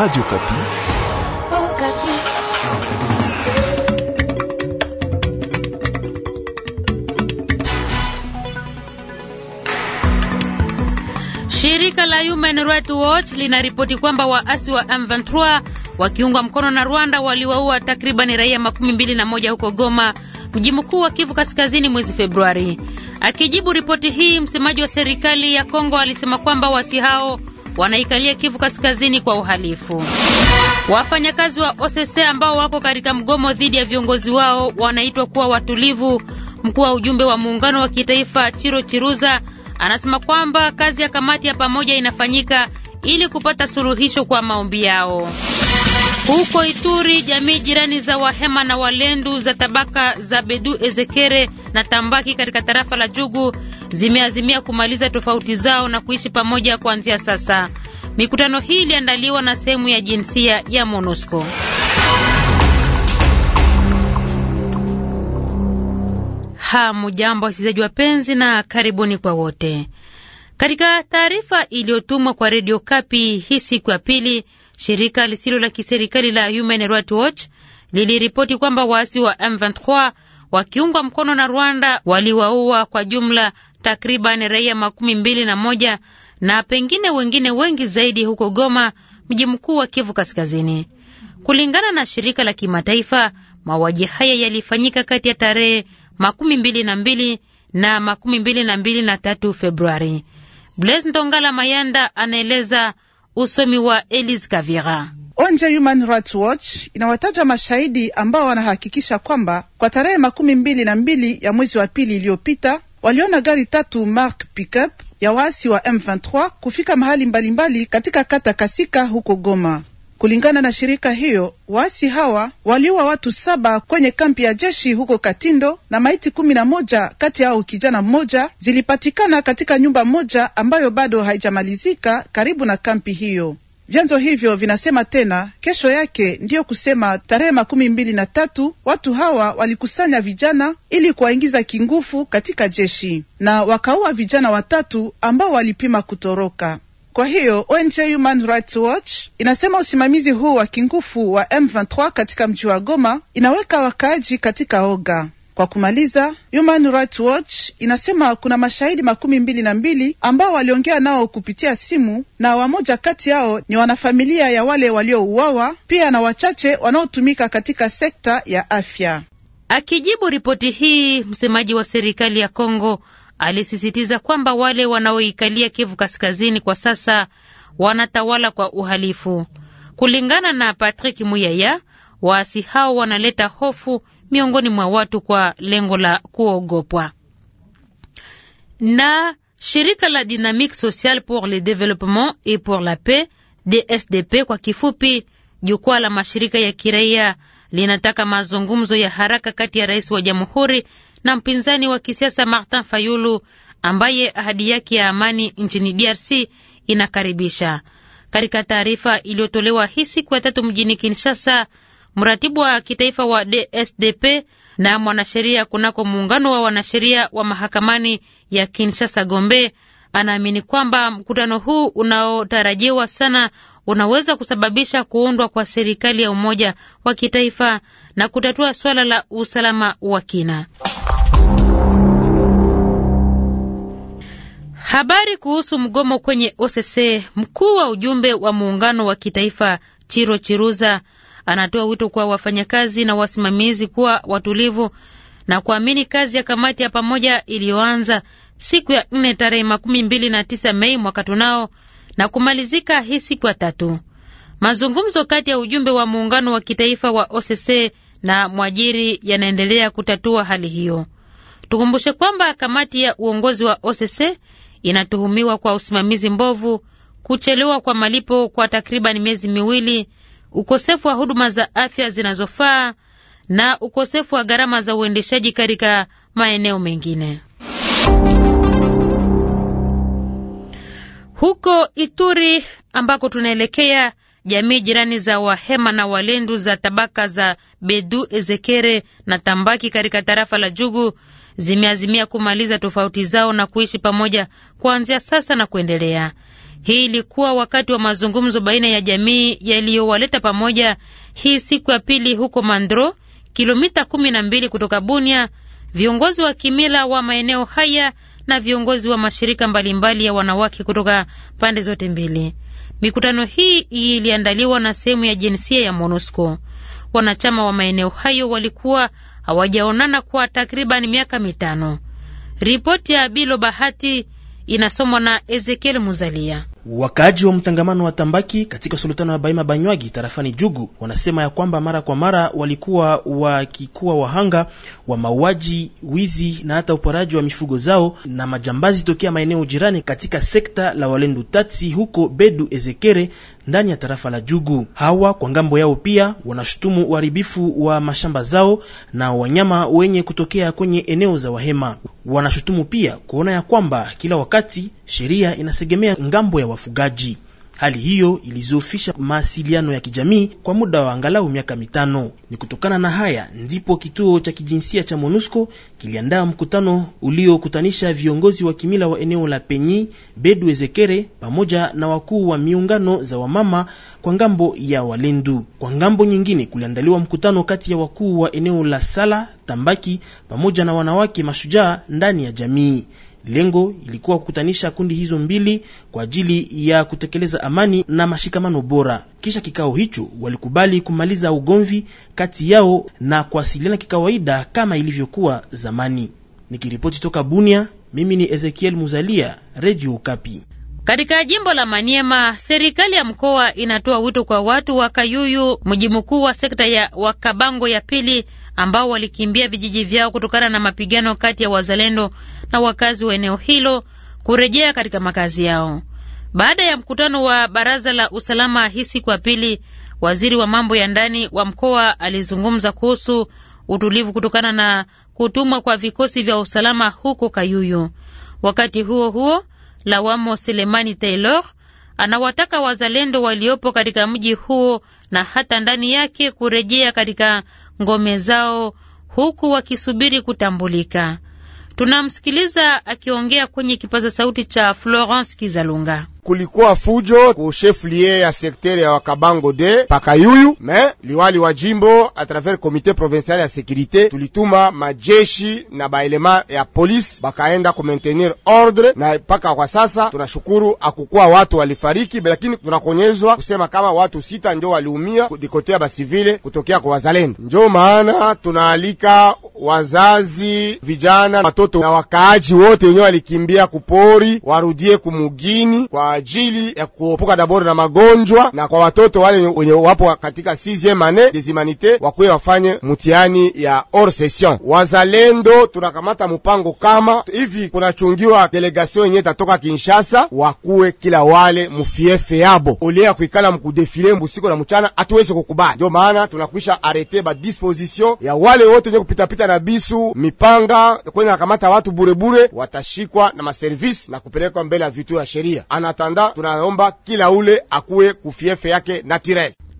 Radio Kapi. Oh, Kapi. Shirika la Human Rights Watch linaripoti kwamba waasi wa M23 wakiungwa mkono na Rwanda waliwaua takriban raia makumi mbili na moja huko Goma, mji mkuu wa Kivu Kaskazini mwezi Februari. Akijibu ripoti hii, msemaji wa serikali ya Kongo alisema kwamba waasi hao wanaikalia Kivu Kaskazini kwa uhalifu. Wafanyakazi wa Osese ambao wako katika mgomo dhidi ya viongozi wao wanaitwa kuwa watulivu. Mkuu wa ujumbe wa muungano wa kitaifa Chiro Chiruza anasema kwamba kazi ya kamati ya pamoja inafanyika ili kupata suluhisho kwa maombi yao. Huko Ituri, jamii jirani za Wahema na Walendu za tabaka za Bedu Ezekere na Tambaki katika tarafa la Jugu zimeazimia kumaliza tofauti zao na kuishi pamoja kuanzia sasa. Mikutano hii iliandaliwa na sehemu ya jinsia ya MONUSCO. Hamujambo wasikilizaji wapenzi, na karibuni kwa wote. Katika taarifa iliyotumwa kwa redio Kapi hii siku ya pili Shirika lisilo la kiserikali la Human Rights Watch liliripoti kwamba waasi wa M23 wakiungwa mkono na Rwanda waliwaua kwa jumla takriban raia makumi mbili na moja na pengine wengine wengi zaidi huko Goma, mji mkuu wa Kivu Kaskazini. Kulingana na shirika la kimataifa, mauaji haya yalifanyika kati ya tarehe makumi mbili na mbili na makumi mbili na mbili na tatu Februari. Blaise Ndongala Mayanda anaeleza Usomi wa Elise Kavira. Onje Human Rights Watch inawataja mashahidi ambao wanahakikisha kwamba kwa tarehe makumi mbili na mbili ya mwezi wa pili iliyopita waliona gari tatu mark pickup ya waasi wa M23 kufika mahali mbalimbali mbali katika kata Kasika huko Goma. Kulingana na shirika hiyo, waasi hawa waliua watu saba kwenye kampi ya jeshi huko Katindo, na maiti kumi na moja kati yao kijana mmoja zilipatikana katika nyumba moja ambayo bado haijamalizika karibu na kampi hiyo. Vyanzo hivyo vinasema tena, kesho yake ndiyo kusema tarehe makumi mbili na tatu watu hawa walikusanya vijana ili kuwaingiza kingufu katika jeshi na wakaua vijana watatu ambao walipima kutoroka. Kwa hiyo ONG Human Rights Watch inasema usimamizi huu wa kingufu wa M23 katika mji wa Goma inaweka wakaaji katika oga. Kwa kumaliza, Human Rights Watch inasema kuna mashahidi makumi mbili na mbili ambao waliongea nao kupitia simu na wamoja kati yao ni wanafamilia ya wale waliouawa, pia na wachache wanaotumika katika sekta ya afya. Akijibu ripoti hii, msemaji wa serikali ya Kongo alisisitiza kwamba wale wanaoikalia Kivu Kaskazini kwa sasa wanatawala kwa uhalifu. Kulingana na Patrick Muyaya, waasi hao wanaleta hofu miongoni mwa watu kwa lengo la kuogopwa na shirika la Dynamique social pour le Développement et pour la Paix DSDP kwa kifupi, jukwaa la mashirika ya kiraia linataka mazungumzo ya haraka kati ya rais wa jamhuri na mpinzani wa kisiasa Martin Fayulu ambaye ahadi yake ya amani nchini DRC inakaribisha. Katika taarifa iliyotolewa hii siku ya tatu mjini Kinshasa, mratibu wa kitaifa wa DSDP na mwanasheria kunako muungano wa wanasheria wa mahakamani ya Kinshasa Gombe anaamini kwamba mkutano huu unaotarajiwa sana unaweza kusababisha kuundwa kwa serikali ya umoja wa kitaifa na kutatua suala la usalama wa kina. Habari kuhusu mgomo kwenye OCC. Mkuu wa ujumbe wa muungano wa kitaifa Chiro Chiruza anatoa wito kwa wafanyakazi na wasimamizi kuwa watulivu na kuamini kazi ya kamati ya pamoja iliyoanza siku ya nne tarehe makumi mbili na tisa Mei mwaka tunao na kumalizika hii siku ya tatu. Mazungumzo kati ya ujumbe wa muungano wa kitaifa wa OCC na mwajiri yanaendelea kutatua hali hiyo. Tukumbushe kwamba kamati ya uongozi wa OCC inatuhumiwa kwa usimamizi mbovu, kuchelewa kwa malipo kwa takriban miezi miwili, ukosefu wa huduma za afya zinazofaa na ukosefu wa gharama za uendeshaji katika maeneo mengine. Huko Ituri ambako tunaelekea, jamii jirani za Wahema na Walendu za tabaka za Bedu Ezekere na Tambaki katika tarafa la Jugu zimeazimia kumaliza tofauti zao na kuishi pamoja kuanzia sasa na kuendelea. Hii ilikuwa wakati wa mazungumzo baina ya jamii yaliyowaleta pamoja hii siku ya pili huko Mandro, kilomita kumi na mbili kutoka Bunia, viongozi wa kimila wa maeneo haya na viongozi wa mashirika mbalimbali ya wanawake kutoka pande zote mbili. Mikutano hii iliandaliwa na sehemu ya jinsia ya MONUSCO. Wanachama wa maeneo hayo walikuwa hawajaonana kwa takriban miaka mitano. Ripoti ya Bilo Bahati inasomwa na Ezekiel Muzalia. Wakaaji wa mtangamano wa Tambaki katika sultano ya Baima Banywagi tarafani Jugu wanasema ya kwamba mara kwa mara walikuwa wakikuwa wahanga wa mauaji, wizi na hata uporaji wa mifugo zao na majambazi tokea maeneo jirani katika sekta la Walendu Tatsi huko Bedu Ezekere ndani ya tarafa la Jugu. Hawa kwa ngambo yao pia wanashutumu uharibifu wa mashamba zao na wanyama wenye kutokea kwenye eneo za Wahema. Wanashutumu pia kuona ya kwamba kila wakati sheria inasegemea ngambo ya wafugaji. Hali hiyo ilizofisha mawasiliano ya kijamii kwa muda wa angalau miaka mitano. Ni kutokana na haya ndipo kituo cha kijinsia cha MONUSCO kiliandaa mkutano uliokutanisha viongozi wa kimila wa eneo la Penyi, Bedu Ezekere pamoja na wakuu wa miungano za wamama kwa ngambo ya Walendu. Kwa ngambo nyingine, kuliandaliwa mkutano kati ya wakuu wa eneo la Sala, Tambaki pamoja na wanawake mashujaa ndani ya jamii. Lengo ilikuwa kukutanisha kundi hizo mbili kwa ajili ya kutekeleza amani na mashikamano bora. Kisha kikao hicho, walikubali kumaliza ugomvi kati yao na kuwasiliana kikawaida kama ilivyokuwa zamani. Nikiripoti toka Bunia, mimi ni Ezekiel Muzalia, Radio Kapi. Katika jimbo la Maniema, serikali ya mkoa inatoa wito kwa watu wa Kayuyu, mji mkuu wa sekta ya Wakabango ya pili, ambao walikimbia vijiji vyao kutokana na mapigano kati ya wazalendo na wakazi wa eneo hilo kurejea katika makazi yao. Baada ya mkutano wa baraza la usalama hii siku ya pili, waziri wa mambo ya ndani wa mkoa alizungumza kuhusu utulivu kutokana na kutumwa kwa vikosi vya usalama huko Kayuyu. Wakati huo huo lawamo Selemani Taylor anawataka wazalendo waliopo katika mji huo na hata ndani yake kurejea katika ngome zao huku wakisubiri kutambulika. Tunamsikiliza akiongea kwenye kipaza sauti cha Florence Kizalunga kulikuwa fujo ku cheflier ya sektere ya Wakabango de Pakayuyu, me liwali wa jimbo a travers komite provincial ya sekirite tulituma majeshi na baelema ya polisi bakaenda ku maintenir ordre, na mpaka kwa sasa tunashukuru akukuwa watu walifariki, lakini tunakonyezwa kusema kama watu sita ndio waliumia dikotea basivile kutokea kwa wazalendo. Njo maana tunaalika wazazi, vijana, watoto na wakaaji wote wenyewe walikimbia kupori warudie kumugini kwa ajili ya kuopoka daboro na magonjwa, na kwa watoto wale wenye wapo katika 6e ane des humanite wakuye wafanye mutiani ya or session. Wazalendo tunakamata mupango kama hivi, kunachungiwa delegation yenye tatoka Kinshasa, wakuwe kila wale mufiefe yabo olea kuikala mukudefile mbusiko na muchana, atuweze kukubali. Ndio maana tunakwisha arete ba disposition ya wale wote wenye kupitapita na bisu mipanga kwenda kamata watu burebure, watashikwa na maservisi na kupelekwa mbele ya vituo ya sheria Anata Tanda tunaomba kila ule akuwe kufiefe yake na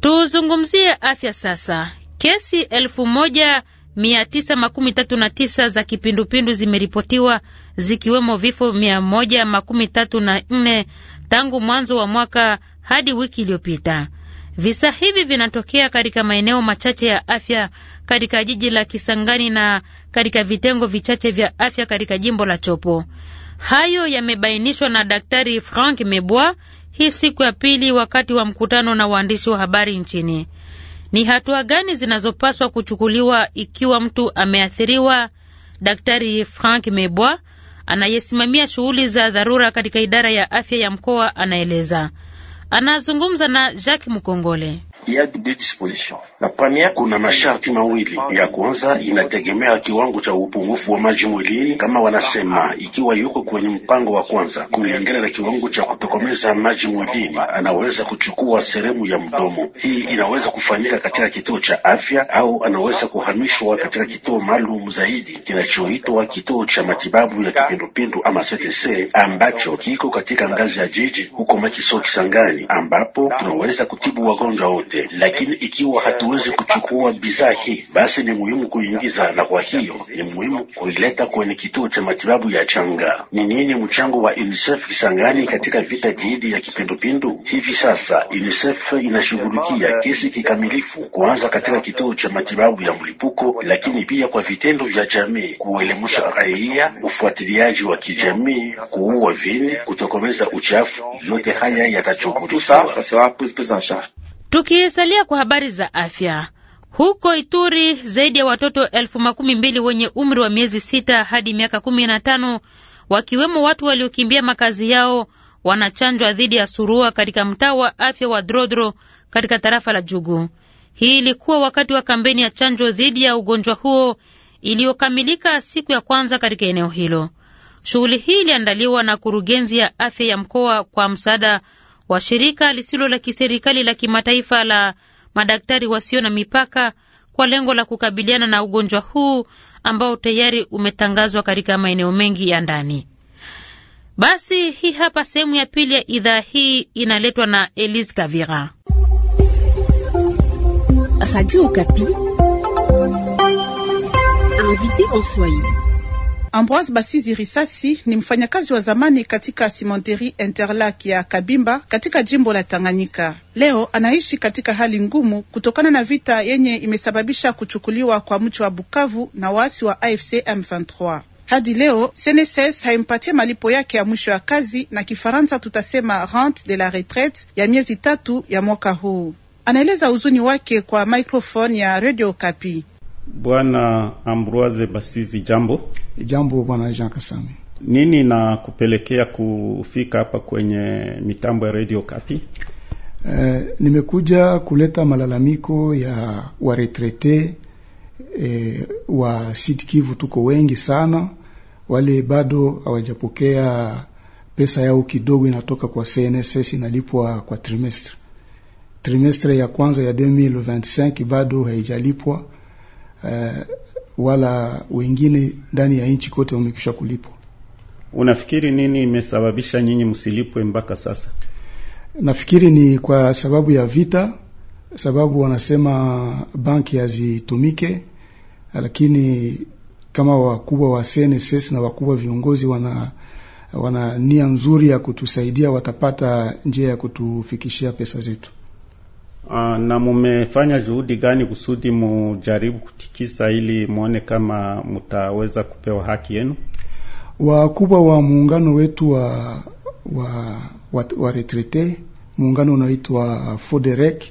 Tuzungumzie afya sasa. Kesi elfu moja mia tisa makumi tatu na tisa za kipindupindu zimeripotiwa zikiwemo vifo mia moja makumi tatu na nne tangu mwanzo wa mwaka hadi wiki iliyopita. Visa hivi vinatokea katika maeneo machache ya afya katika jiji la Kisangani na katika vitengo vichache vya afya katika jimbo la Chopo. Hayo yamebainishwa na Daktari Frank Mebwa hii siku ya pili wakati wa mkutano na waandishi wa habari nchini. Ni hatua gani zinazopaswa kuchukuliwa ikiwa mtu ameathiriwa? Daktari Frank Mebwa anayesimamia shughuli za dharura katika idara ya afya ya mkoa anaeleza. Anazungumza na Jacques Mkongole. La première, kuna masharti mawili. Ya kwanza inategemea kiwango cha upungufu wa maji mwilini, kama wanasema, ikiwa yuko kwenye mpango wa kwanza kulingana na kiwango cha kutokomeza maji mwilini, anaweza kuchukua sehemu ya mdomo. Hii inaweza kufanyika katika kituo cha afya au anaweza kuhamishwa katika kituo maalum zaidi kinachoitwa kituo cha matibabu ya kipindupindu ama CTC ambacho kiko katika ngazi ya jiji huko Makiso Kisangani, ambapo tunaweza kutibu wagonjwa wote yote, lakini ikiwa hatuwezi kuchukua bidhaa hii, basi ni muhimu kuingiza, na kwa hiyo ni muhimu kuileta kwenye kituo cha matibabu ya changa. Ni nini mchango wa UNICEF Kisangani katika vita dhidi ya kipindupindu? Hivi sasa UNICEF inashughulikia kesi kikamilifu, kuanza katika kituo cha matibabu ya mlipuko, lakini pia kwa vitendo vya jamii, kuelimisha raia, ufuatiliaji wa kijamii, kuua vini, kutokomeza uchafu. Yote haya yatachughulikiwa. Tukisalia kwa habari za afya huko Ituri, zaidi ya watoto elfu makumi mbili wenye umri wa miezi sita hadi miaka kumi na tano wakiwemo watu waliokimbia makazi yao wanachanjwa dhidi ya surua katika mtaa wa afya wa Drodro katika tarafa la Jugu. Hii ilikuwa wakati wa kampeni ya chanjo dhidi ya ugonjwa huo iliyokamilika siku ya kwanza katika eneo hilo. Shughuli hii iliandaliwa na kurugenzi ya afya ya mkoa kwa msaada wa shirika lisilo la kiserikali la kimataifa la madaktari wasio na mipaka kwa lengo la kukabiliana na ugonjwa huu ambao tayari umetangazwa katika maeneo mengi ya ndani. Basi hii hapa sehemu ya pili ya idhaa hii inaletwa na Elise Kavira. Radio Okapi. Invité en Swahili. Ambroise Basizi Risasi ni mfanyakazi wa zamani katika simonteri Interlac ya Kabimba katika jimbo la Tanganyika. Leo anaishi katika hali ngumu kutokana na vita yenye imesababisha kuchukuliwa kwa mji wa Bukavu na waasi wa AFC M23. Hadi leo CNSS haimpatie malipo yake ya mwisho ya kazi, na Kifaransa tutasema rente de la retraite ya miezi tatu ya mwaka huu. Anaeleza huzuni wake kwa microphone ya Radio Kapi. Bwana Ambroise Basizi, jambo. Jambo bwana Jean Kasami, nini na kupelekea kufika hapa kwenye mitambo ya Radio Kapi? Uh, eh, nimekuja kuleta malalamiko ya waretrete eh, wa Sud Kivu. Tuko wengi sana, wale bado hawajapokea pesa yao kidogo, inatoka kwa CNSS, inalipwa kwa trimestre. Trimestre ya kwanza ya 2025 bado haijalipwa. Uh, wala wengine ndani ya nchi kote wamekwisha kulipwa. Unafikiri nini imesababisha nyinyi msilipwe mpaka sasa? Nafikiri ni kwa sababu ya vita, sababu wanasema banki hazitumike, lakini kama wakubwa wa CNSS na wakubwa viongozi wana wana nia nzuri ya kutusaidia, watapata njia ya kutufikishia pesa zetu. Ah, na mumefanya juhudi gani kusudi mujaribu kutikisa ili mwone kama mutaweza kupewa haki yenu? Wakubwa wa muungano wetu wa, wa, wa, wa retrete muungano unaoitwa Foderec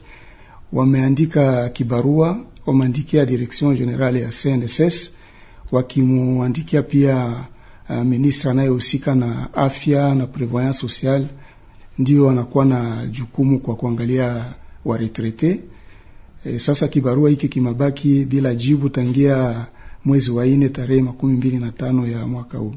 wameandika kibarua, wameandikia direction generale ya CNSS wakimuandikia pia uh, ah, ministra anayehusika na afya na prevoyance sociale, ndio anakuwa na jukumu kwa kuangalia wa retrete. E, eh, sasa kibarua hiki kimabaki bila jibu tangia mwezi wa ine tarehe makumi mbili na tano ya mwaka huu.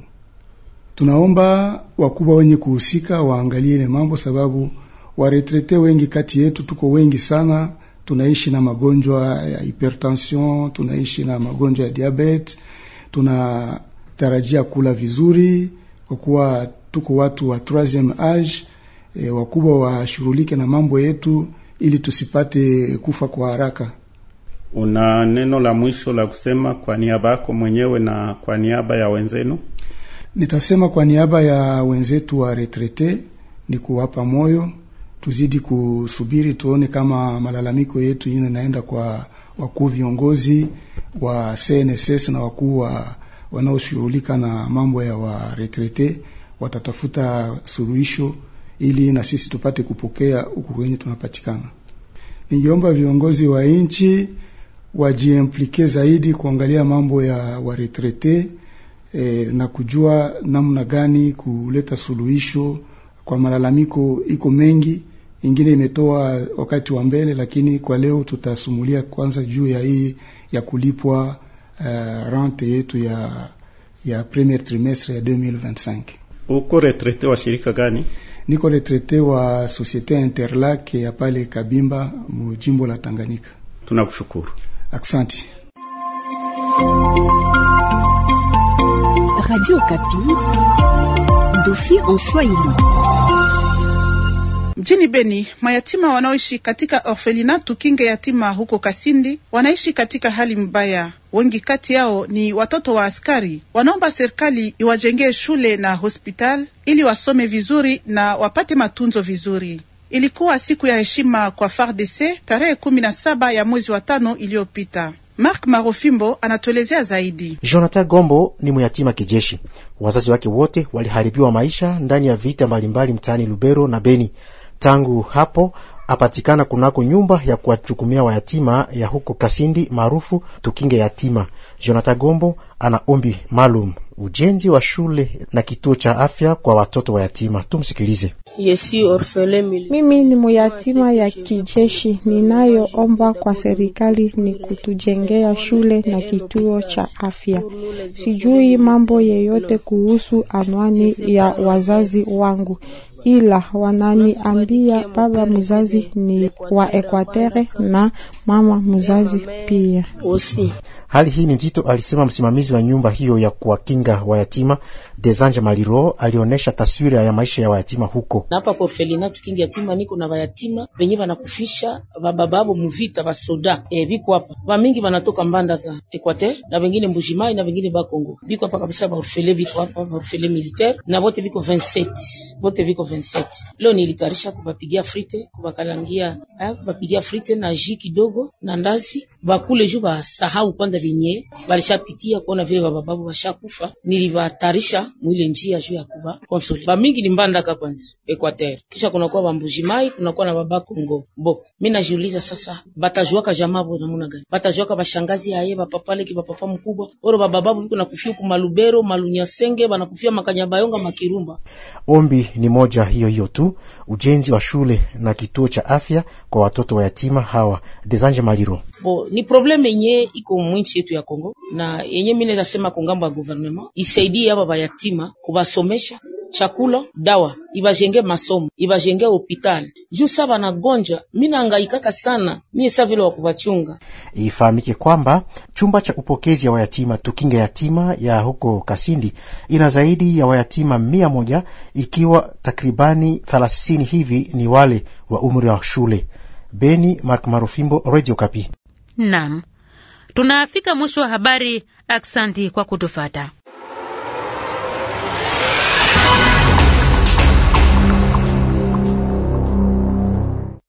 Tunaomba wakubwa wenye kuhusika waangalie ile mambo, sababu waretrete wengi kati yetu tuko wengi sana, tunaishi na magonjwa ya hipertension, tunaishi na magonjwa ya diabete tunatarajia kula vizuri kwa kuwa tuko watu wa troisieme age. E, eh, wakubwa washughulike na mambo yetu ili tusipate kufa kwa haraka. Una neno la mwisho la kusema kwa niaba yako mwenyewe na kwa niaba ya wenzenu? Nitasema kwa niaba ya wenzetu wa retrete ni kuwapa moyo, tuzidi kusubiri tuone kama malalamiko yetu yine naenda kwa wakuu viongozi wa CNSS na wakuu wa wanaoshughulika na mambo ya waretrete watatafuta suluhisho ili na sisi tupate kupokea huku kwenye tunapatikana. Ningeomba viongozi wa nchi wajiimplike zaidi kuangalia mambo ya waretrete eh, na kujua namna gani kuleta suluhisho kwa malalamiko. Iko mengi, ingine imetoa wakati wa mbele, lakini kwa leo tutasumulia kwanza juu ya hii ya kulipwa uh, eh, rente yetu ya ya premier trimestre ya 2025. Uko retrete wa shirika gani? niko le traité wa Société Interlac ya pale Kabimba mu jimbo la Tanganyika. Tunakushukuru, aksanti. Radio Kapi, dofi en Swahili. Mjini Beni, mayatima wanaoishi katika orfelina Tukinge Yatima huko Kasindi wanaishi katika hali mbaya. Wengi kati yao ni watoto wa askari. Wanaomba serikali iwajengee shule na hospitali ili wasome vizuri na wapate matunzo vizuri. Ilikuwa siku ya heshima kwa FARDC tarehe kumi na saba ya mwezi wa tano iliyopita. Mark Marofimbo anatuelezea zaidi. Jonathan Gombo ni myatima kijeshi. Wazazi wake wote waliharibiwa maisha ndani ya vita mbalimbali mtaani Lubero na Beni. Tangu hapo apatikana kunako nyumba ya kuwachukumia wayatima ya huko Kasindi maarufu Tukinge Yatima. Jonathan Gombo ana ombi maalum ujenzi wa shule na kituo cha afya kwa watoto wayatima. Tumsikilize. Yesi orfelemi. Mimi ni muyatima ya kijeshi, ninayoomba kwa serikali ni kutujengea shule na kituo cha afya. Sijui mambo yeyote kuhusu anwani ya wazazi wangu, ila wananiambia baba mzazi ni wa Ekwatere na mama mzazi pia. Hali hii ni nzito, alisema msimamizi wa nyumba hiyo ya kuwakinga wayatima Desanja Maliro. Alionyesha taswira ya maisha ya wayatima huko hapa porfelina tukingi yatima niko na wayatima venye wanakufisha vabababo muvita vasoda e, eh, viko hapa vamingi vanatoka Mbandaka Ekwater na vengine Mbujimai na vengine Bakongo, viko hapa kabisa. Vaorfele viko hapa, vaorfele militaire na vote viko 27 vote viko 27. Leo nilitayarisha kubapigia frite, kubakalangia aya, eh, kubapigia frite na ji kidogo na ndazi, bakule juu basahau kwanza venye balishapitia kuona vile bababu babu bashakufa. Nilibatarisha mwile njia juu ya kuba konsole ba mingi ni mbandaka kwanza Equateur, kisha kunakuwa bambujimai, kunakuwa na baba Kongo bo. Mimi najiuliza sasa, batajuaka jamaa bo namuna gani? Batajuaka bashangazi aye bapapale kibapapa mkubwa oro baba babu biko nakufia kumalubero malunya senge banakufia makanyabayonga makirumba. Ombi ni moja njia hiyo hiyo tu, ujenzi wa shule na kituo cha afya kwa watoto wayatima hawa. Desange Maliro: Bo, ni probleme yenye iko mwinchi yetu ya Kongo na yenye mi naweza sema ngambo ya government isaidie hapa bayatima kubasomesha chakula, dawa, ibajenge masomo, ibajenge hopitali juu na banagonjwa. Mi angaikaka sana mie sa vile wakuvachunga. Ifahamike kwamba chumba cha upokezi ya wayatima tukinge yatima ya huko Kasindi ina zaidi ya wayatima mia moja ikiwa takribani thelathini hivi ni wale wa umri wa shule. Beni, Mark Marufimbo, Radio Kapi. Naam, tunafika mwisho wa habari. Aksanti kwa kutufata.